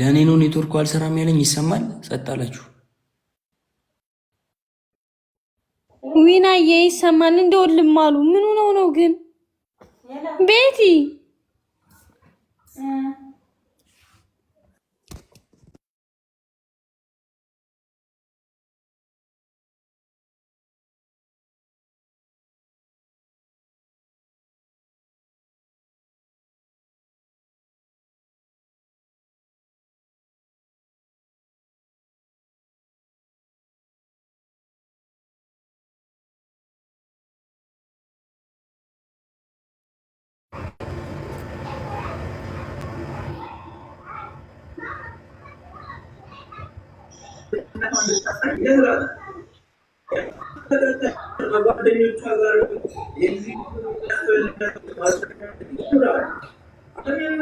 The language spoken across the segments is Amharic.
ለእኔ ነው ኔትወርኩ አልሰራም ያለኝ። ይሰማል? ጸጥ አላችሁ? ዊናዬ ይሰማል? እንደው ወልም አሉ። ምኑ ነው ነው ግን ቤቲ అతను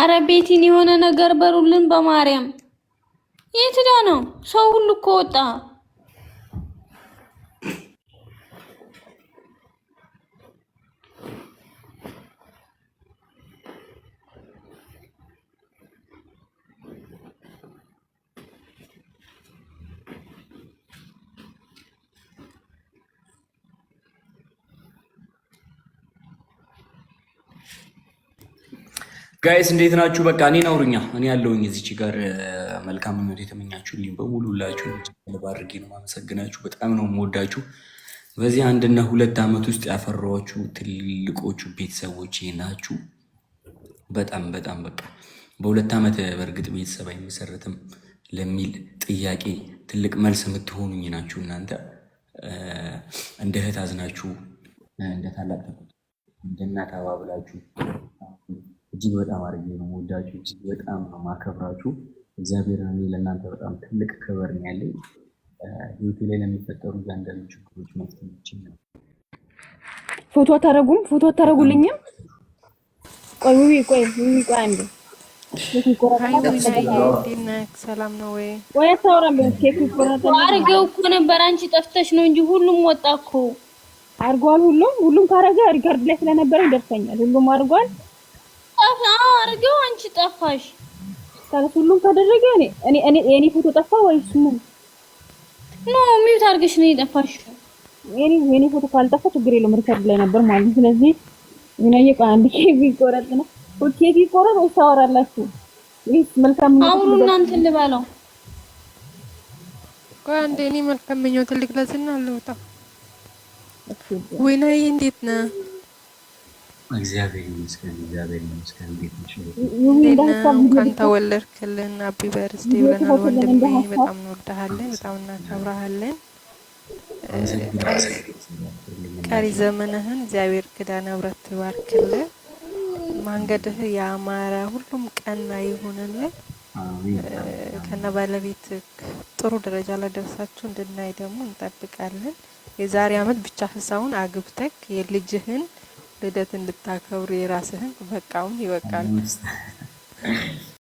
አረ ቤቲን የሆነ ነገር በሩልን በማርያም የትዳ ነው ሰው ሁሉ እኮ ወጣ። ጋይስ እንዴት ናችሁ? በቃ እኔን አውሩኛ፣ እኔ ያለውኝ እዚች ጋር መልካም ምኞት የተመኛችሁልኝ በሙሉ ሁላችሁ ባድርጌ ነው ማመሰግናችሁ። በጣም ነው የምወዳችሁ። በዚህ አንድና ሁለት ዓመት ውስጥ ያፈራኋችሁ ትልቆቹ ቤተሰቦች ናችሁ። በጣም በጣም በቃ በሁለት ዓመት በእርግጥ ቤተሰብ አይመሰረትም ለሚል ጥያቄ ትልቅ መልስ የምትሆኑኝ ናችሁ እናንተ እንደ እህት አዝናችሁ፣ እንደ ታላቅ እንደ እናት አባብላችሁ እጅግ በጣም አድርጌ ነው የምወዳችሁ፣ እጅግ በጣም ነው እግዚአብሔር እኔ ለእናንተ በጣም ትልቅ ክብር ነው ያለኝ። ህይወቴ ላይ ለሚፈጠሩ እያንዳንዱ ችግሮች መፍትሄ ነው። ፎቶ አታረጉም? ፎቶ አታረጉልኝም? ቆይ ውይ፣ ቆይ ቆይ አንዴ ሰላም ነው ወይ? ቆይ እኮ ነበር አንቺ ጠፍተሽ ነው እንጂ ሁሉም ወጣ እኮ አድርጓል። ሁሉም ሁሉም ካረገ ሪከርድ ላይ ስለነበረ ይደርሰኛል። ሁሉም አድርጓል። አርገው አንቺ ጠፋሽ። ታዲያ ሁሉም ካደረገ እኔ እኔ የኔ ፎቶ ጠፋ ወይስ ምን? ነው? ሚውት አርገሽ ነው የጠፋሽ። የኔ የኔ ፎቶ ካልጠፋ ችግር የለውም ሪከርድ ላይ ነበር ማለት ነው። ስለዚህ ምን አየቀ አንድ ኬቪ ይቆረጥ ነው ወይ ኬቪ ይቆረጥ ወይስ ታወራላችሁ? ይህ መልካም ነው አሁን እናንተ ልበለው። ቆይ አንዴ እኔ መልካም ነው ትልቅ ለዝና ወይ ነይ እንዴት ነህ? እግዚአብሔር ይመስገን፣ እግዚአብሔር ይመስገን። እንዴት ነሽ? እንኳን ተወለድክልን አቢ በርስቴ ብለናል። ወንድሜ በጣም እንወዳሃለን፣ በጣም እናከብረሃለን። ቀሪ ዘመንህን እግዚአብሔር ክዳነ ምሕረት ትባርክልን፣ መንገድህ ያማረ ሁሉም ቀና ይሁንልን። ከነ ባለቤት ጥሩ ደረጃ ላይ ደርሳችሁ እንድናይ ደግሞ እንጠብቃለን። የዛሬ አመት ብቻ ህሳውን አግብተክ የልጅህን ልደት እንድታከብሩ የራስህን በቃውን ይበቃል።